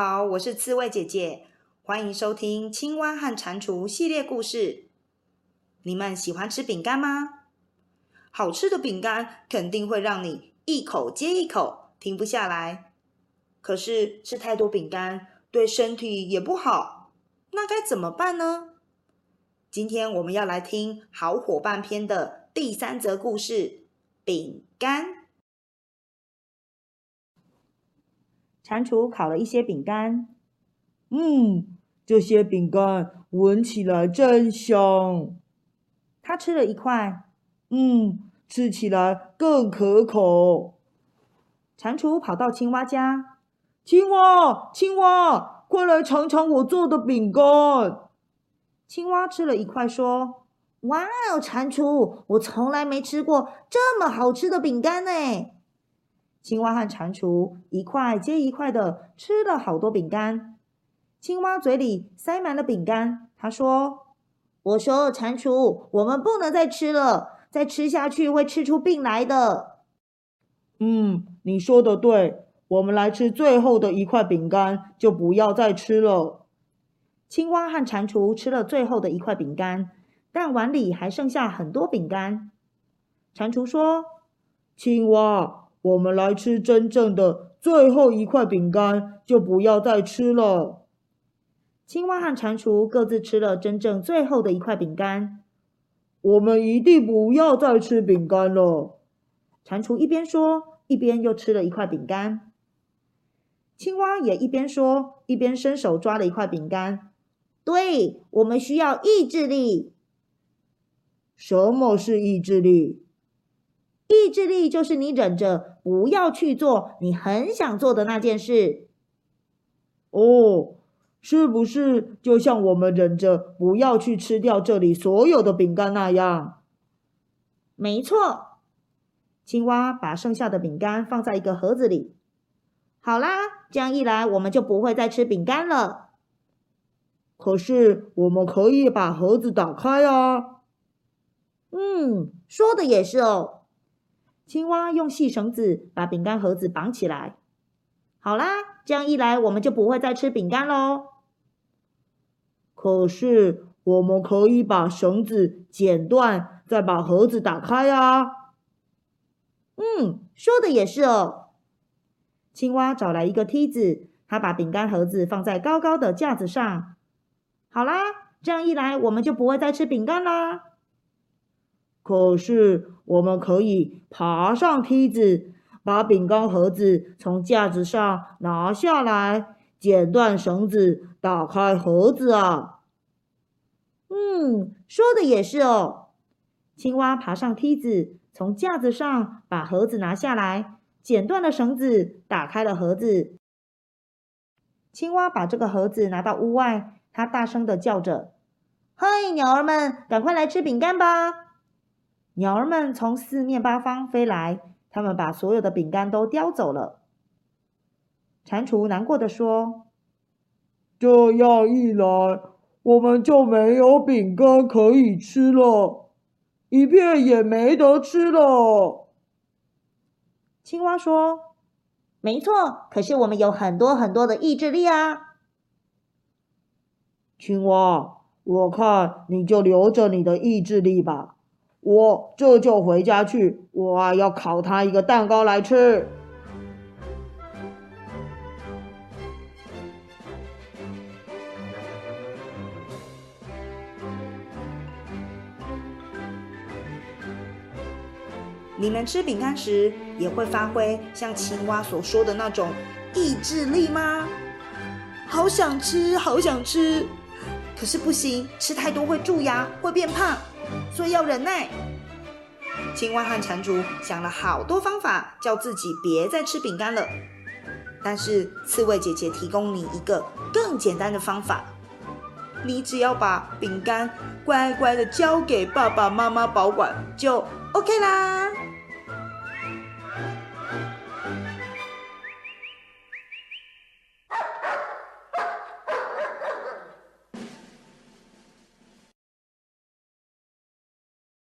好，我是刺蝟姐姐，歡迎收聽《青蛙和蟾蜍》系列故事。你們喜歡吃餅乾嗎？好吃的餅乾肯定會讓你一口接一口，停不下來。可是吃太多餅乾對身體也不好，那該怎麼辦呢？今天我們要來聽《好夥伴》篇的第三則故事——餅乾。蟾蜍烤了一些餅乾，嗯，這些餅乾聞起來真香。他吃了一塊，嗯，吃起來更可口。蟾蜍跑到青蛙家，青蛙，青蛙，快來嘗嘗我做的餅乾。青蛙吃了一塊，說：“哇哦，蟾蜍，我從來沒吃過這麼好吃的餅乾呢、哎。”青蛙和蟾蜍一塊接一塊的吃了好多餅乾。青蛙嘴裡塞滿了餅乾，他說：“我說，蟾蜍，我們不能再吃了，再吃下去會吃出病來的。”“嗯，你說的對，我們來吃最後的一塊餅乾，就不要再吃了。”青蛙和蟾蜍吃了最後的一塊餅乾，但碗裡還剩下很多餅乾。蟾蜍說：“青蛙。”我們來吃真正的最後一塊餅乾，就不要再吃了。青蛙和蟾蜍各自吃了真正最後的一塊餅乾。我們一定不要再吃餅乾了。蟾蜍一邊說，一邊又吃了一塊餅乾。青蛙也一邊說，一邊伸手抓了一塊餅乾。對，我們需要意志力。什麼是意志力？意志力就是你忍着不要去做你很想做的那件事。哦，是不是就像我們忍着不要去吃掉這裡所有的餅乾那樣？沒錯。青蛙把剩下的餅乾放在一個盒子裡。好啦，這樣一來我們就不會再吃餅乾了。可是我們可以把盒子打開啊。嗯，說的也是哦。青蛙用細繩子把餅乾盒子綁起來，好啦，這樣一來我們就不會再吃餅乾咯。可是我們可以把繩子剪斷，再把盒子打開啊。嗯，說的也是哦。青蛙找來一個梯子，它把餅乾盒子放在高高的架子上。好啦，這樣一來我們就不會再吃餅乾啦。可是，我們可以爬上梯子，把餅乾盒子從架子上拿下來，剪斷繩子，打開盒子啊！嗯，說的也是哦。青蛙爬上梯子，從架子上把盒子拿下來，剪斷了繩子，打開了盒子。青蛙把這個盒子拿到屋外，它大聲的叫着：“嘿，鳥兒們，趕快來吃餅乾吧！”鳥兒們從四面八方飛來，它們把所有的餅乾都叼走了。蟾蜍難過地說：“這樣一來，我們就沒有餅乾可以吃了，一片也沒得吃了。”青蛙說：“沒錯，可是我們有很多很多的意志力啊。”青蛙，我看你就留着你的意志力吧。我這就回家去，我啊要烤他一個蛋糕來吃。你們吃餅乾時也會發揮像青蛙所說的那種意志力嗎？好想吃，好想吃。可是不行，吃太多會蛀牙，會變胖。所以要忍耐。青蛙和蟾蜍想了好多方法，叫自己別再吃餅乾了。但是刺蝟姐姐提供你一個更簡單的方法，你只要把餅乾乖乖的交給爸爸媽媽保管，就 OK 啦。